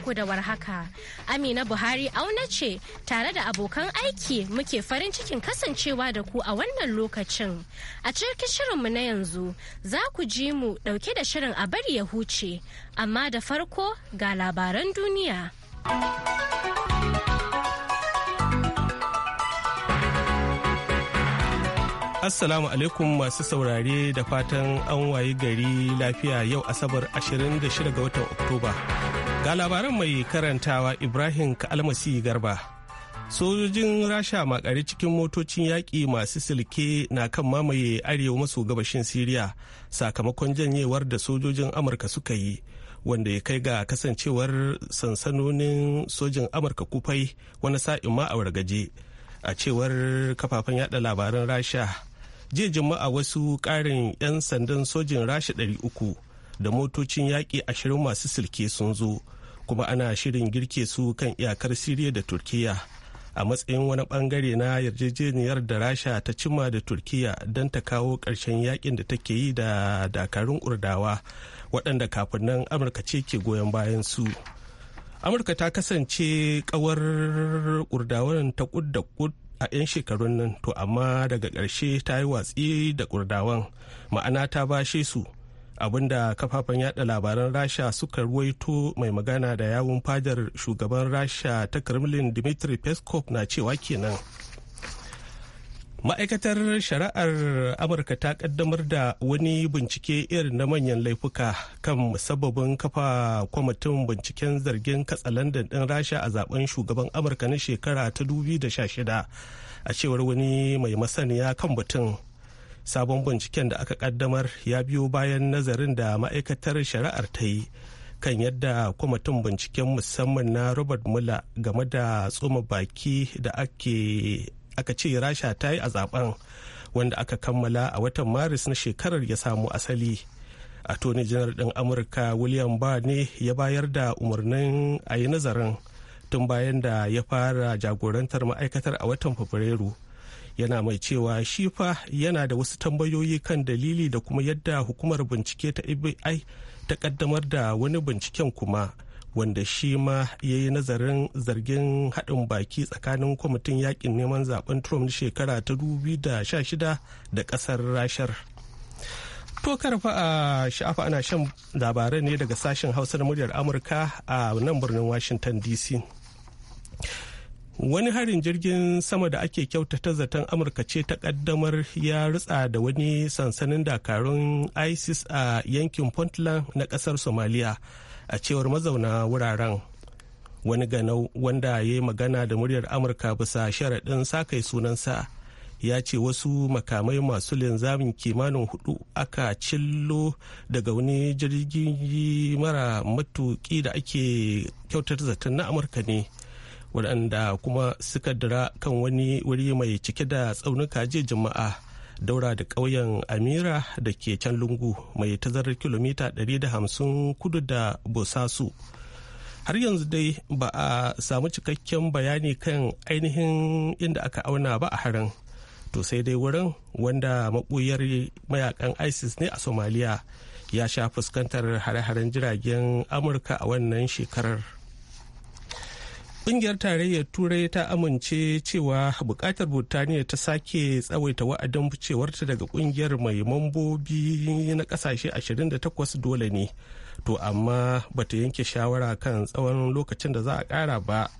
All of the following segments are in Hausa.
ku da warhaka. Amina Buhari auna ce tare da abokan aiki muke farin cikin kasancewa da ku a wannan lokacin. A cikin shirinmu na yanzu za ku ji mu dauke da shirin a bari ya huce, amma da farko ga labaran duniya. Assalamu alaikum masu saurare da fatan an wayi gari lafiya yau Asabar 26 ga watan Oktoba. Ga labaran mai karantawa Ibrahim Kalmasi Garba. Sojojin Rasha makare cikin motocin yaƙi masu silke na kan mamaye arewa maso gabashin Siriya sakamakon janyewar da sojojin Amurka suka yi. wanda ya kai ga kasancewar sansanonin sojin amurka kufai wani sa'in ma a wargaje a cewar kafafen yada labaran rasha jiya juma'a wasu karin 'yan sandan sojin rasha 300 da motocin yaƙi ashirin masu silke sun zo kuma ana shirin girke su kan iyakar siriya da turkiya a matsayin wani bangare na yarjejeniyar da rasha ta cima da turkiya don ta kawo ƙarshen yakin da take yi da dakarun urdawa waɗanda kafin nan amurka ce ke goyon bayan su amurka ta kasance kawar urdawan ta kud da kud a 'yan shekarun nan to amma daga ƙarshe ta yi watsi da urdawan ma'ana ta bashe su abinda kafafen yada labaran rasha suka ruwaito mai magana da yawun fadar shugaban rasha ta kremlin dmitry peskov na cewa kenan ma'aikatar shari'ar amurka ta kaddamar da wani bincike irin na manyan laifuka kan sababin kafa kwamitin binciken zargin katsalandan ɗin rasha a zaben shugaban amurka na shekara ta 2016 a cewar wani mai masaniya kan batun sabon binciken da aka kaddamar ya biyo bayan nazarin da ma'aikatar shari'ar ta yi kan yadda kwamitin binciken musamman na robert muller game da tsoma baki da aka ce rasha ta yi a zaben wanda aka kammala a watan maris na shekarar ya samu asali attorney general din amurka william barr ne ya bayar da umarnin a yi nazarin tun bayan da ya fara jagorantar ma'aikatar a watan fabrairu yana mai cewa shi fa yana da wasu tambayoyi kan dalili da kuma yadda hukumar bincike ta FBI ta kaddamar da wani binciken kuma wanda shi ma ya yi nazarin zargin haɗin baki tsakanin kwamitin yakin neman zaben trump shekara ta 2016 da ƙasar rashar To karfa a sha'afa ana shan labarai ne daga sashen hausa na muryar Amurka a nan birnin Washington DC. wani harin jirgin sama da ake kyautata zaton amurka ce ta kaddamar ya ritsa da wani sansanin dakarun isis a yankin puntland na kasar somalia a cewar mazauna wuraren wani ganau wanda ya yi magana da muryar amurka bisa sharaɗin sakai sunansa ya ce wasu makamai masu linzamin kimanin hudu aka cillo daga wani jirgin mara matuki da ake kyautata zaton na amurka ne waɗanda kuma suka dira kan wani wuri mai cike da tsaunuka jiya jama'a daura da ƙauyen amira da ke can lungu mai tazarar kilomita 150 kudu da bosasu har yanzu dai ba a samu cikakken bayani kan ainihin inda aka auna ba a harin to sai dai wurin wanda maɓuyar mayakan isis ne a somaliya ya sha fuskantar hare-haren jiragen amurka a wannan shekarar Ƙungiyar tarayyar Turai ta amince cewa buƙatar Burtaniya ta sake tsawaita wa'adin ficewarta daga ƙungiyar mai mambobi na ƙasashe 28 dole ne. To amma bata yanke shawara kan tsawon lokacin da za a ƙara ba.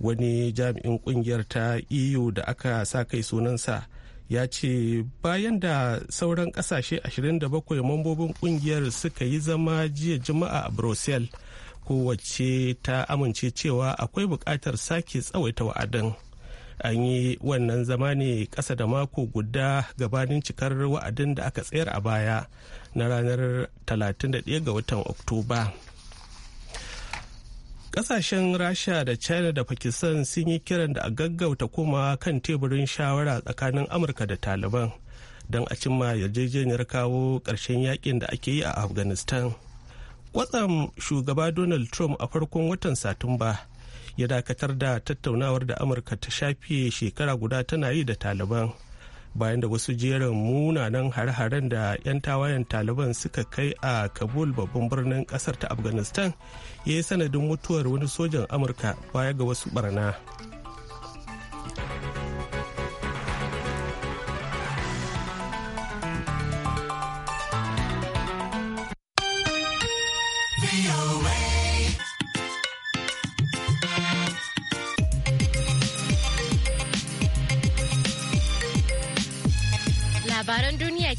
Wani jami'in ƙungiyar ta EU da aka sa kai sunansa ya ce bayan da sauran ƙasashe 27 mambobin ƙungiyar suka yi zama jiya juma'a a Brussels. kowace ta amince cewa akwai buƙatar sake tsawaita wa'adin an yi wannan zama ne ƙasa da mako guda gabanin cikar wa'adin da aka tsayar a baya na ranar 31 ga watan oktoba ƙasashen rasha da china da pakistan sun yi kiran da a gaggauta kuma kan teburin shawara tsakanin amurka da taliban don a cimma yarjejeniyar kawo ƙarshen yakin da ake yi a afghanistan watsam shugaba donald trump a farkon watan satumba ya dakatar da tattaunawar da amurka ta shafe shekara guda tana yi da taliban bayan da wasu jerin munanan har haren da 'yan tawayen taliban suka kai a kabul babban birnin kasar ta afghanistan ya yi sanadin mutuwar wani sojan amurka baya ga wasu barna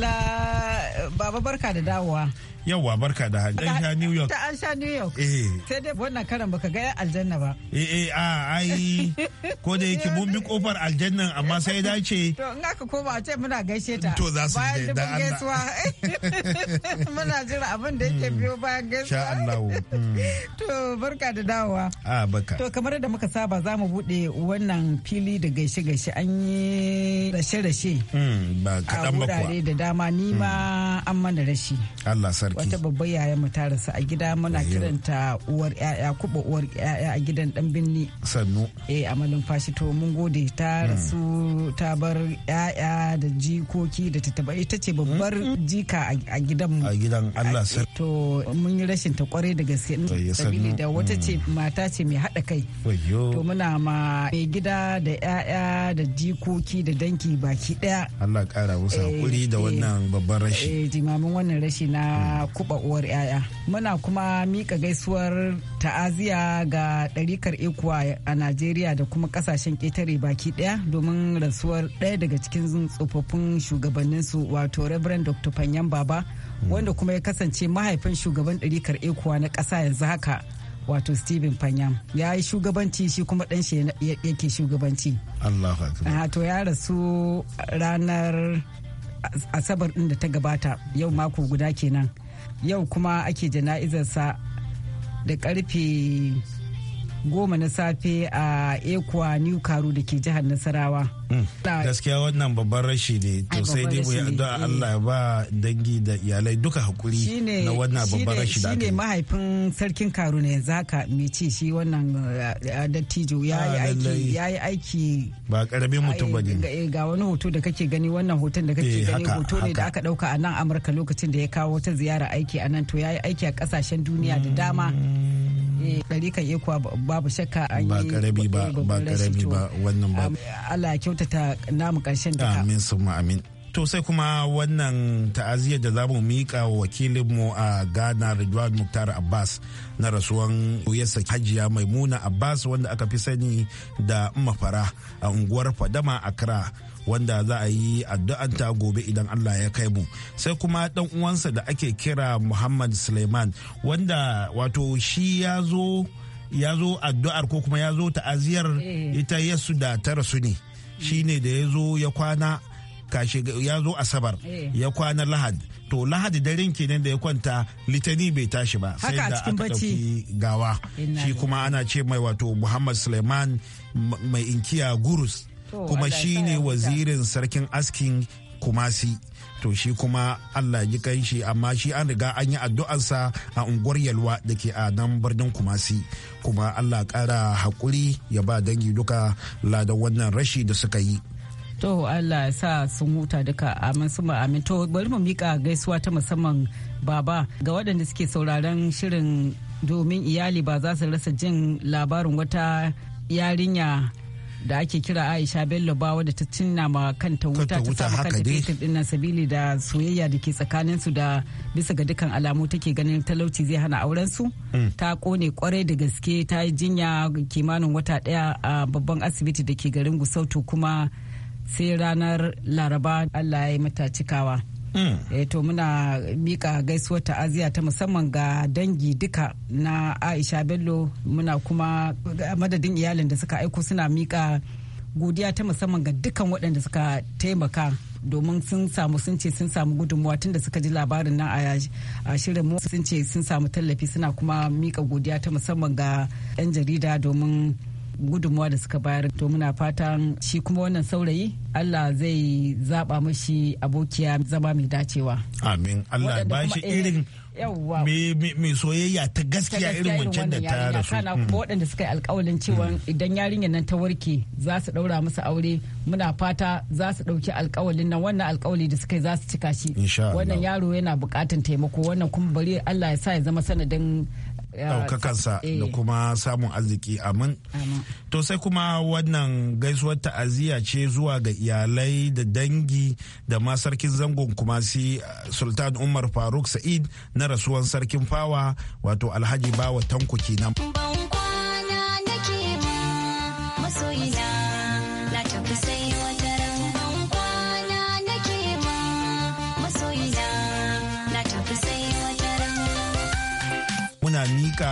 madalla baba barka da dawowa. Yawwa barka da hajji An sha New York. Ta an sha New York. Eh. Sai dai wannan karan baka ga aljanna ba. Eh eh a ai ko da yake mun bi kofar aljannan amma sai ce. To in aka koma a ce muna gaishe ta. To za su yi da Allah. Muna jira abin da yake biyo bayan gaisuwa. Sha Allah. Hmm. To barka da dawowa. A barka. To kamar da muka saba za mu bude wannan fili da gaishe-gaishe an yi rashe-rashe. Hmm, ba kadan ba kuwa. A da dama ni ma hmm. an mana rashi. Allah sarki. wata babba yaya mu ta rasu a gida muna kiranta uwar yaya kuba uwar yaya a gidan dan binni sannu eh a fashi to mun gode ta hmm. rasu ta bar yaya da jikoki da taba ita ce hmm. babbar jika a gidan mu a gidan Allah eh, sir to mun yi rashin ta kware da gaske sabili da wata ce hmm. mata ce mai hada kai to muna ma mai gida da yaya da jikoki da danki baki daya Allah kara musu eh, hakuri da eh, wannan babban rashi eh jimamin wannan rashi na kuɓa uwar 'ya'ya muna kuma mika gaisuwar ta'aziya ga ɗarikar ekuwa a najeriya da kuma ƙasashen ƙetare baki ɗaya domin rasuwar ɗaya daga cikin tsofaffin shugabanninsu wato reverend dr panyan baba hmm. wanda kuma ya kasance mahaifin shugaban ɗarikar ekuwa na ƙasa yanzu haka wato Stephen Panyam ya yi shugabanci shi kuma ɗan shi yake shugabanci. to ya rasu ranar asabar ɗin da ta gabata yau mako guda kenan. yau kuma ake jana'izarsa da karfe goma na safe a ekwa new karu da ke jihar nasarawa hmm. gaskiya wannan babban rashi ne to sai dai mu addu'a Allah ba dangi da iyalai duka hakuri na wannan babban rashi da aka mahaifin sarkin karu ne yanzu me ce shi wannan dattijo ya ah, yi aiki ya yi aiki ba karamin mutum ba ne ga wani hoto da kake gani wannan hoton da kake eh, gani hoto ne da aka dauka a nan Amurka lokacin da ya kawo wata ziyara aiki a nan to ya yi aiki a kasashen duniya da dama hmm. ɗari eh, kan babu shakka an yi ba karabi ba ba karabi ba wannan ba Allah kyautata namu karshen duka amin mu amin to sai kuma wannan ta'aziyar da zamu mika wakilinmu a Ghana Ridwan Muktar Abbas na rasuwan yasa hajiya Maimuna Abbas wanda aka fi sani da mafara a unguwar Fadama Accra wanda za a yi addu'anta gobe idan Allah ya kai mu sai kuma dan uwansa da ake kira Muhammad Suleiman wanda wato shi ya zo ya zo addu'ar ko kuma ya zo ta'aziyar eh. ita yasu da ta rasu ne shine da ya zo ya kwana kashe ya zo asabar eh. ya kwana lahad to lahadi daren kenan da ya kwanta litani bai tashi ba sai da aka ɗauki gawa shi kuma ana ce mai wato muhammad suleiman mai inkiya gurus kuma shi ne wazirin sarkin askin kumasi to shi kuma allah ji kan amma shi an riga an yi addu'arsa a unguwar yalwa da ke a nan birnin kumasi kuma allah kara hakuri ya ba dangi duka ladan wannan rashi da suka yi to allah ya sa sun huta duka amin su amin to bari mu mika gaisuwa ta musamman baba ga waɗanda suke sauraron shirin domin iyali ba za su rasa jin labarin wata yarinya da ake kira Aisha Bello ba wadda ta cinna ma kanta wuta ta samu kanta fetur din nan sabili da soyayya da ke tsakanin su da bisa ga dukkan alamu take ganin talauci zai hana auren su hmm. ta kone kwarai da gaske ta yi jinya kimanin wata daya a babban asibiti da ke garin Gusautu kuma sai ranar Laraba Allah ya yi mata cikawa. Mm. Eto eh, muna mika gaisuwar ta'aziyya ta musamman ga dangi duka na aisha bello muna kuma madadin iyalin da suka aiko suna mika godiya ta musamman ga dukan waɗanda suka taimaka domin sun samu sun ce sun samu gudunmuwa tun da suka ji labarin nan a shirin mu sun ce sun samu tallafi suna kuma mika godiya ta musamman ga 'yan jarida domin gudunmuwa da suka bayar to muna fatan shi kuma wannan saurayi Allah zai zaba mashi abokiya zama mai dacewa amin Allah ba shi eh, irin mai soyayya ta gaskiya irin wancan da ta rasu kana kuma hmm. waɗanda suka yi alƙawalin cewa hmm. idan yarinyar nan ta warke za su ɗaura musu aure muna fata za su ɗauki alƙawalin nan wannan alƙawali da suka yi za su cika shi wannan yaro yana buƙatan taimako wannan kuma bari Allah ya sa ya zama sanadin ɗaukakansa da eh. kuma samun arziki amin to sai kuma wannan gaisuwar ta'aziyya ce zuwa ga iyalai da dangi da ma sarkin zangon kumasi uh, sultan umar faruk sa'id na rasuwan sarkin fawa wato alhaji bawa tanko kenan.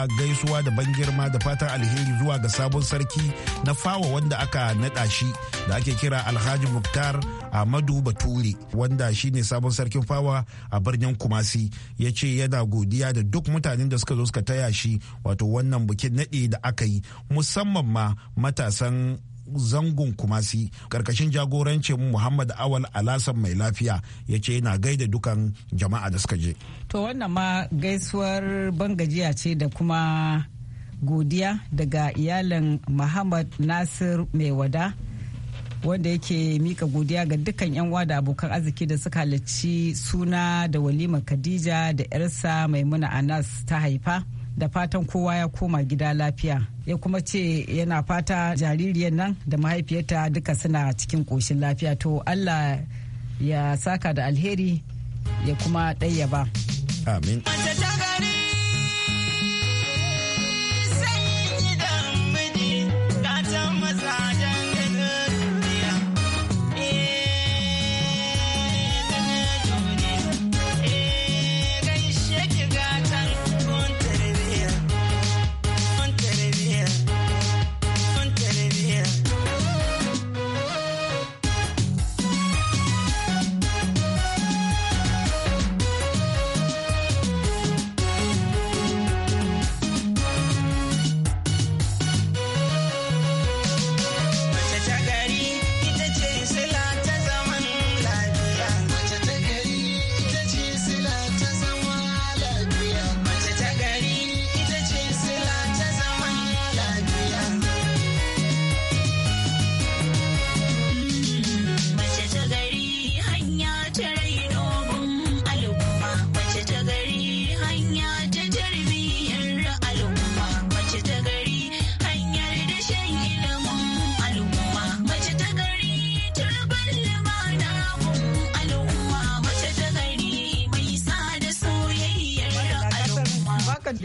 gaisuwa da ban girma da fatan alheri zuwa ga sabon sarki na fawa wanda aka naɗa shi da ake kira alhaji muktar ahmadu bature wanda shi ne sabon sarkin fawa a birnin kumasi ya ce yana godiya da duk mutanen da suka zo suka taya shi wato wannan bukin naɗe da aka yi musamman ma matasan zangon kumasi karkashin jagorancin muhammad awal alasan mai lafiya ya ce yana gaida dukan jama'a da suka je to wannan ma gaisuwar ban gajiya ce da kuma godiya daga iyalin muhammad nasir mai wada wanda yake mika godiya ga dukkan yan da abokan arziki da suka halarci suna da walima khadija da yarsa maimuna anas ta haifa da fatan kowa ya koma gida lafiya ya kuma ce yana fata jaririyar nan da mahaifiyarta duka suna cikin koshin lafiya to allah ya saka da alheri ya kuma ɗayyaba amin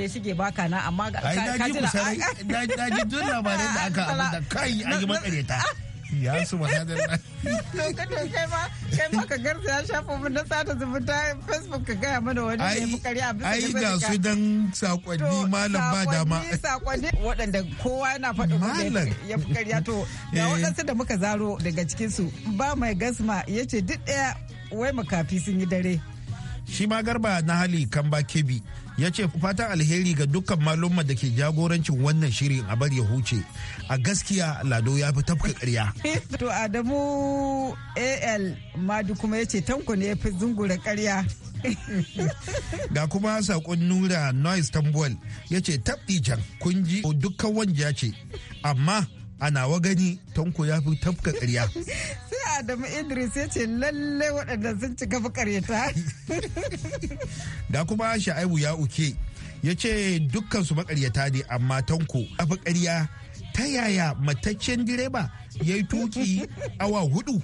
da ya baka na amma ka ji na na ji duk labarin da aka abu da kai a yi makareta ya su mahadar na kai ma kai ma ka garza ya shafa mun na sata zumunta facebook ka gaya mana wani ne mu kare bisa ai ga su dan sakonni malam ba dama sakonni waɗanda kowa yana faɗin malam ya fi kariya to ga eh. waɗansu da muka zaro daga cikin su ba mai gasma yace duk ɗaya wai makafi sun yi dare shi ma garba na hali kan ba kebi ya ce fatan alheri ga dukkan malumma da ke jagorancin wannan shirin a bar ya huce a gaskiya lado ya fi tafka karya. to adamu al madu kuma ya ce tanko ne ya fi zungura karya. ga kuma sakon nura noise tambuwal ya ce tabbijan kun ji dukkan wanja ce amma a nawa gani tanko ya fi tafka karya. sai adamu idris ya ce lalle waɗanda sun ci cika ƙaryata da kuma sha'ibu ya uke ya ce dukkan su maƙaryata ne amma tanko ya fi ƙarya ta yaya mataccen direba ya yi tuki awa hudu.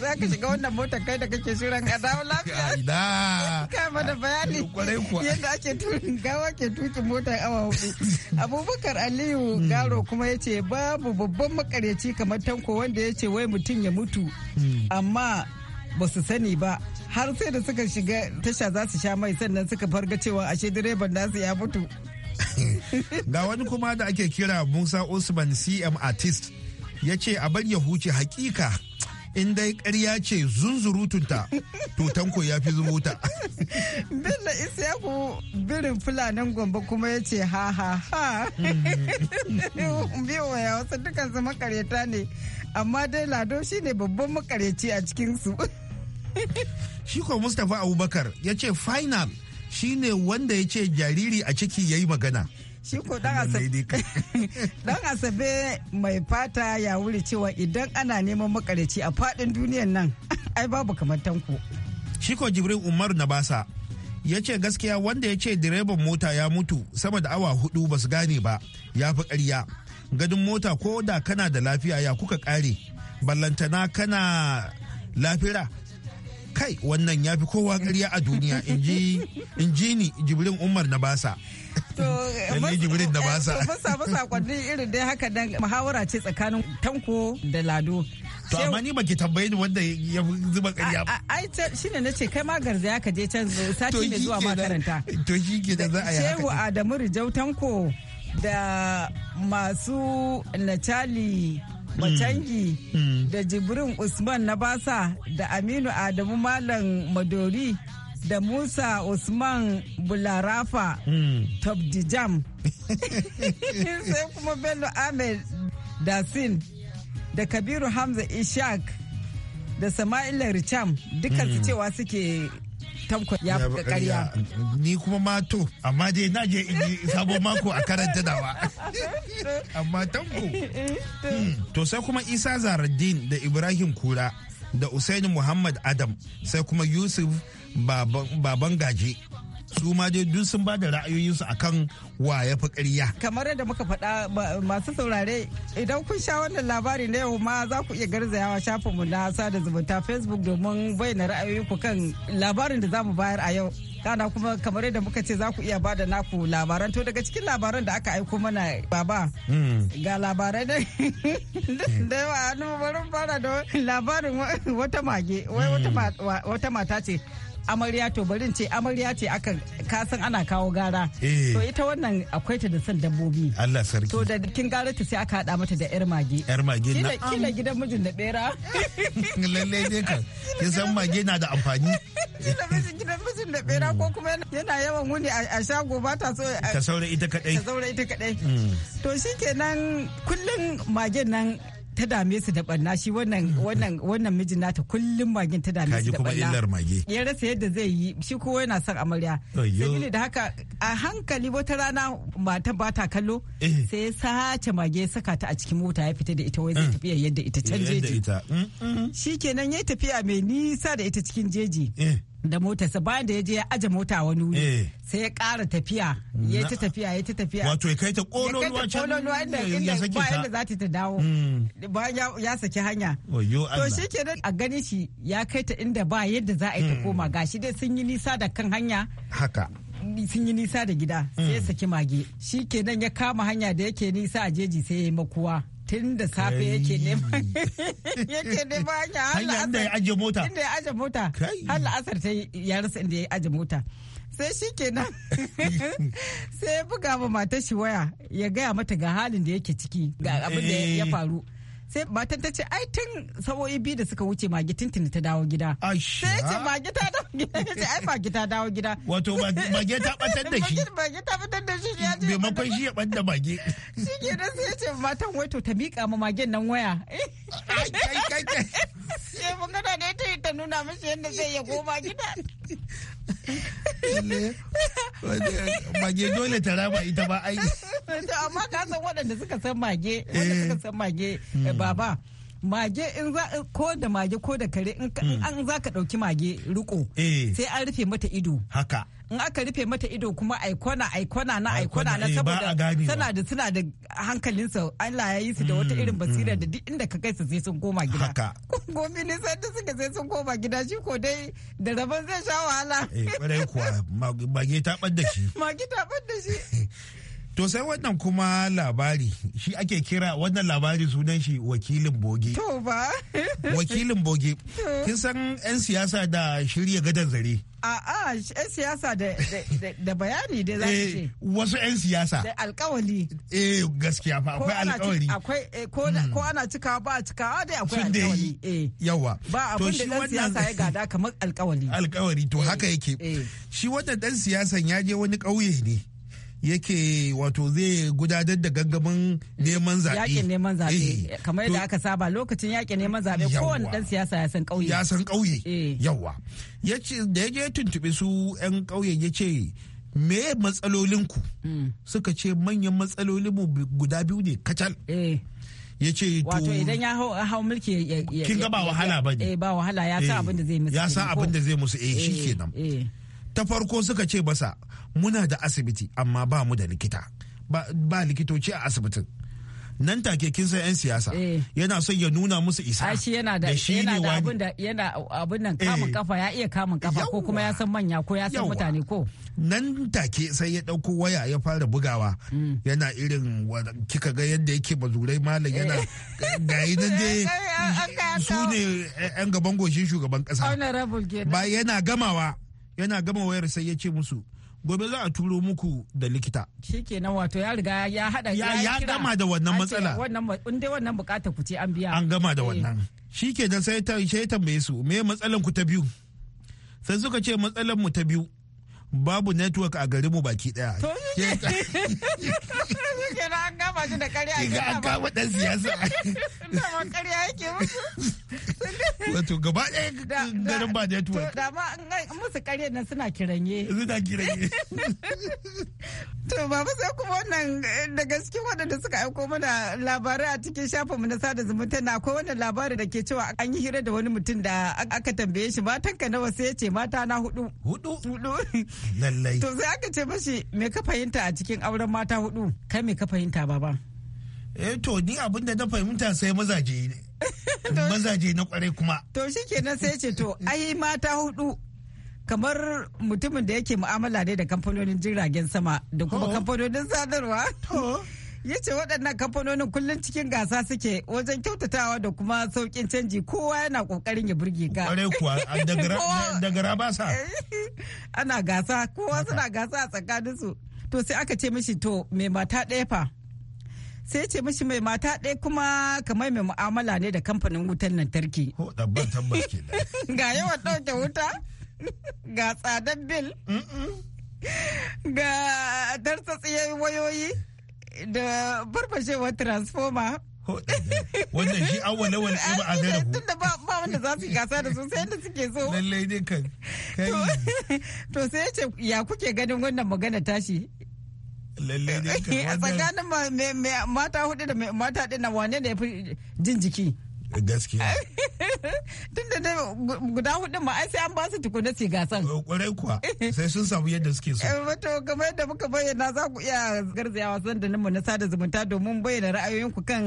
za ka shiga wannan motar kai da kake shirin a dawo lafiya. Ina. Kama da bayani yadda ake tuki gawa ke tuki motar awa hudu. Abubakar Aliyu hmm. Garo kuma ya ce babu babban makaryaci kamar tanko wanda ya ce wai mutum ya mutu. Hmm. Amma ba su sani ba har sai da suka shiga tasha za su sha mai sannan suka farga cewa ashe direban nasu ya mutu. ga wani kuma da ake kira musa usman cm artist ya ce a bar ya huce hakika in dai karya ce zunzurutunta to tanko ya fi zubuta. Bello ku birin fulanin gombe kuma ya ce ha ha ha. Biyowa ya wasu su makareta ne amma dai lado shi ne babban makareci a cikinsu. Shi ko Mustapha Abubakar ya ce final shine wanda ya ce jariri a ciki ya yi magana shi ko asabe mai fata ya wuri cewa idan ana neman makarici a fadin duniyan nan ai babu kamar tanko shi ko jibril umaru na basa ya ce gaskiya wanda ya ce direban mota ya mutu sama da awa hudu ba su gane ba ya fi ƙarya gadin mota ko da kana da lafiya ya kuka ƙare ballantana kana lafira kai wannan ya fi kowa ƙarya a duniya in ji ni jibrin umar na basa Lalle basa. irin dai haka nan muhawara ce tsakanin Tanko da Lado. To amma ni baki tambaye ni wanda ya zuba ƙarya ba. Ai shine ce kai ma garza ka je can eh, sati mai zuwa makaranta. To shi ke da za a yi haka. Shehu Adamu Rijau Tanko da masu Natali Macangi mm. mm. da Jibrin Usman na Basa da Aminu Adamu Malam Madori da Musa Usman Bularafa mm. Tabdijam sai kuma Bello Ahmed Dasin da Kabiru Hamza Ishak da Sama'ila Richam duka su cewa suke ya Ni kuma mato amma dai na je sabon mako a karanta dawa. Amma tanko. Hmm, to sai kuma Isa Zaradin da Ibrahim Kura da Usaini Muhammad Adam sai kuma Yusuf Baban Gaje su ma dai duk sun ba da ra'ayoyinsu akan wa ya fi ƙarya. Kamar yadda muka faɗa masu saurare idan kun sha wannan labari na yau ma za ku iya garzayawa shafinmu na sada zumunta Facebook domin bayyana ra'ayoyinku kan labarin da za mu bayar a yau. kana kuma kamar yadda muka ce za ku iya bada naku labaran to daga cikin labaran da aka aiko mana baba hmm. ga labarai ne hmm. da yawa hannu fara da labarin wata mage wata mata ce amarya to barin ce amarya ce aka kasan ana kawo gara eh. to ita wannan akwai ta da son dabbobi Allah sarki to da kin gara ta sai aka hada mata da yar mage yar mage na kila gidan mijin da bera lalle ne kan kin san mage na da amfani gidan mijin da bera ko kuma yana yawan wuni a shago ba ta so ta saura ita kadai ta saura ita kadai mm. to shikenan kullun magen nan ta dame su da barna shi wannan wannan wannan mijin nata kullum magin ta dame su da barna. Kaji kuma illar mage. Ya rasa yadda zai yi shi ko yana son amarya. Sabili da haka a hankali wata rana mata ba ta kallo eh. sai ya sace mage ya saka ta a cikin mota ya fita da ita wai zai eh. tafiya yadda ita can jeji. Mm, mm. Shi kenan ya tafiya mai nisa da ita cikin jeji. Eh. da motarsa bayan da ya je ya aje mota wani wuri eh. sai ya ƙara tafiya ya ta tafiya ya ta tafiya wato ya kai ta kololuwa can ya sake ta inda da za ta ta dawo hmm. bayan ya saki hanya to shi ke nan a gani shi ya kai ta inda ba yadda za a yi ta hmm. koma gashi dai sun yi nisa da kan hanya haka sun yi nisa da gida sai ya hmm. saki mage shi ke nan ya kama hanya da yake nisa a jeji sai ya yi makuwa tun da safe yake neman yake neman hanya hanyar inda ya aje mota inda ya aje mota har la'asar ta ya rasa inda ya aje mota sai shi kenan sai ya buga ma matar shi waya ya gaya mata ga halin da yake ciki ga abin da ya eh. faru sai matan ta ce ai tun sawoyi biyu da suka wuce magi tuntuni ta dawo gida sai ce magi ta dawo gida ya ce ai magi ta dawo gida wato mage ta batar da shi Mage ta batar da shi ya ce maimakon shi ya banda mage. shi ke nan sai ce matan wai to ta miƙa ma magin nan waya ai kai kai sai mun gana da ita ta nuna mishi yadda zai ya koma gida magi dole ta rama ita ba aiki. to amma ka san waɗanda suka san mage eh. wanda suka san mage eh, hmm. baba mage in za ko da mage ko da kare in hmm. an za ka ɗauki mage riko eh. sai an rufe mata ido haka in aka rufe mata ido kuma aikona aikona na aikona na saboda tana da tana da hankalinsa Allah ya yi su da wata hmm, irin basira da duk inda ka kai su sai sun koma gida haka gomi ne sai da suka sai sun koma gida shi ko dai da rabon zai sha wahala eh kwarai kuwa mage ta bar da shi mage ta bar da shi To sai wannan kuma labari shi ake kira wannan labari sunan shi wakilin boge. To ba. wakilin boge. Kin san 'yan siyasa da shirya gadon zare. A'a, 'yan siyasa da bayani da za ce. Eh, wasu 'yan siyasa. Da alkawali. Eh, gaskiya fa akwai alkawali. Akwai eh, hmm. ko ana cikawa ba a cikawa dai akwai alkawali. Eh. Yawa. Ba abin da dan siyasa ya gada kamar alkawali. Alkawali to haka eh. yake. Shi wannan dan siyasan ya je wani ƙauye ne. yake wato zai gudanar da gangamin neman zaɓe. Yaƙin neman zaɓe eh. kamar yadda aka saba lokacin yaƙin neman zaɓe kowane ɗan siyasa ya san ƙauye. Ya san ƙauye eh. yawa. Da ya je tuntuɓe su ƴan ƙauye ya ce me matsalolinku mm. suka ce manyan matsalolinmu guda biyu ne kacal. Eh. ya ce wato idan ya hau mulki ya kin ga ba wahala ba ne ba wahala ya sa abin da zai musu ya sa abin da zai musu eh shikenan ta farko suka ce basa muna da asibiti amma ba mu da likita ba, ba likitoci a asibitin nan take kin san 'yan siyasa eh. yana son ya nuna musu isa shi yana da shi ne wani yana abin nan kamun eh. kafa ya iya kamun kafa ko kuma ya san manya ko ya san mutane ko nan take sai ya dauko waya ya fara bugawa mm. yana irin kika ga yadda yake bazurai malam yana eh. gayi nan dai su ne 'yan gaban goshin shugaban kasa ba yana gamawa yana gama wayar sai ya ce musu gobe za a turo muku da likita shikenan wato ya riga ya hada ya ya gama da wannan matsala wannan dai wannan bukata ku ce an biya an gama da eh. wannan shikenan sai ta sai tambaye su me matsalan ku ta biyu sai suka ce matsalan mu ta biyu babu network a garinmu baki daya to shikenan ba da ƙarya ke an kama ɗan siyasa dama ƙarya yake musu wato gaba ɗaya garin ba da tuwa dama musu ƙarya nan suna kiranye suna kiranye to baba sai kuma wannan eh, daga cikin waɗanda suka aiko mana labarai a cikin shafinmu na sada zumunta na akwai wannan labari da ke cewa an yi hira da wani mutum da aka tambaye shi matanka nawa sai ya ce mata na hudu hudu hudu lallai to sai aka ce mashi me ka fahimta a cikin auren mata hudu kai me ka fahimta baba eh to ni abin da na fahimta sai mazaje ne mazaje na kwarai kuma to shikenan sai ce to ai mata hudu kamar mutumin da yake mu'amala ne da kamfanonin jiragen sama da kuma oh. kamfanonin sadarwa oh. ya ce waɗannan kamfanonin kullum cikin gasa suke wajen kyautatawa da kuma sauƙin canji kowa yana ƙoƙarin ya burge ka ƙware kuwa dagara ba sa ana gasa kowa suna gasa a tsakaninsu to sai aka ce mishi to mai mata ɗaya fa sai ce mishi mai mata ɗaya kuma kamar mai mu'amala ne da kamfanin wutar lantarki. Ga yawan ɗauke wuta, ga tsadar bil, ga tartsatsiyar wayoyi da farfashewar transformer. wannan shi an wane wane ba a zai tun tunda ba wanda za su gasa da su sai da suke so lallai ne kan to sai ya ce ya kuke ganin wannan magana tashi lalle ne a tsakanin mata hudu da mata din nan wane ne fi jin jiki gaskiya tun da guda hudu ma ai sai an ba su tukuna ci gasan eh, kwarai kuwa sai sun samu yadda suke so eh, wato kamar yadda muka bayyana za ku iya garzayawa sanda mu na sada zumunta domin bayyana ra'ayoyinku kan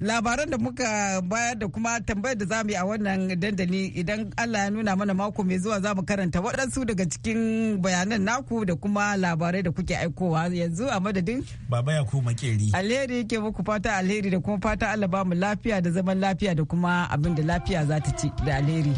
labaran da muka bayar da kuma tambayar da za mu yi a wannan dandali idan Allah ya nuna mana mako mai zuwa za mu karanta waɗansu daga cikin bayanan naku da kuma labarai da kuke aikowa yanzu a madadin baba ya kuma makeri alheri yake muku fata alheri da kuma fata Allah ba mu lafiya da zaman lafiya da kuma abin da lafiya za ta ci da alheri.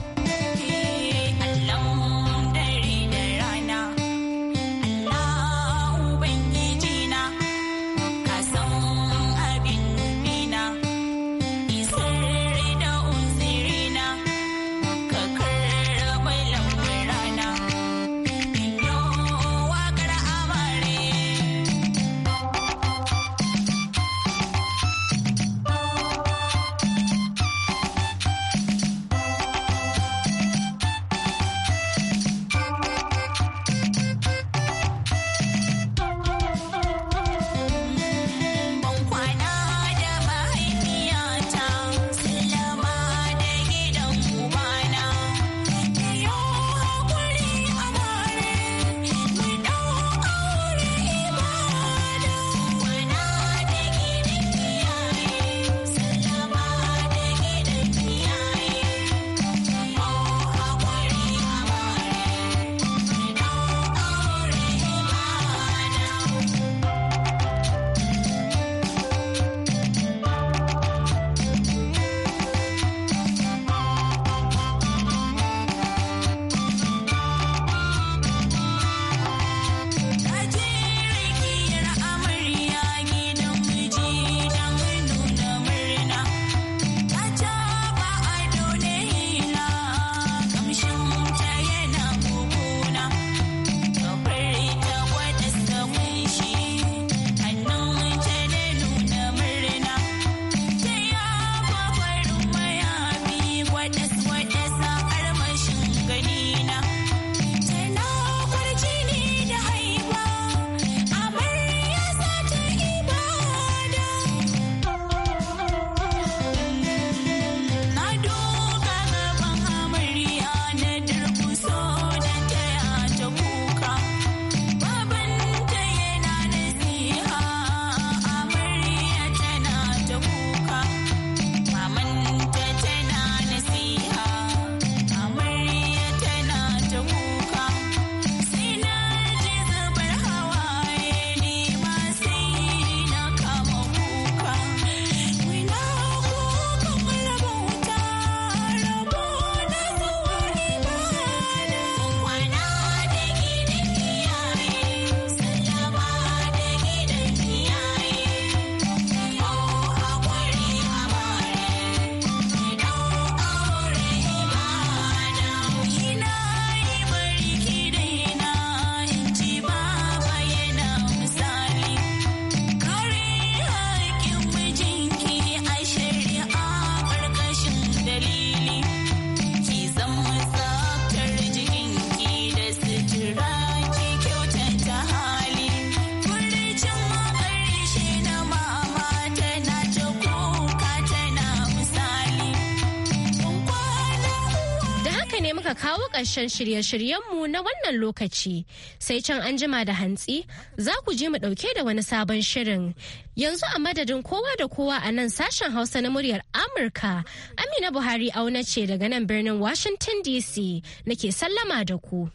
kawo ƙarshen shirye shiryen mu na wannan lokaci sai can an jima da hantsi za ku je mu ɗauke da wani sabon shirin yanzu a madadin kowa da kowa a nan sashen hausa na muryar amurka amina buhari auna ce daga nan birnin washington dc nake sallama da ku.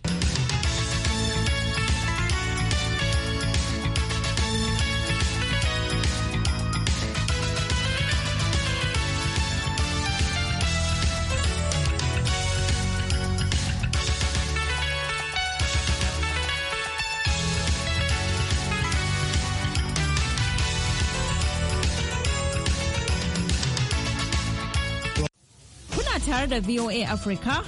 The VOA Africa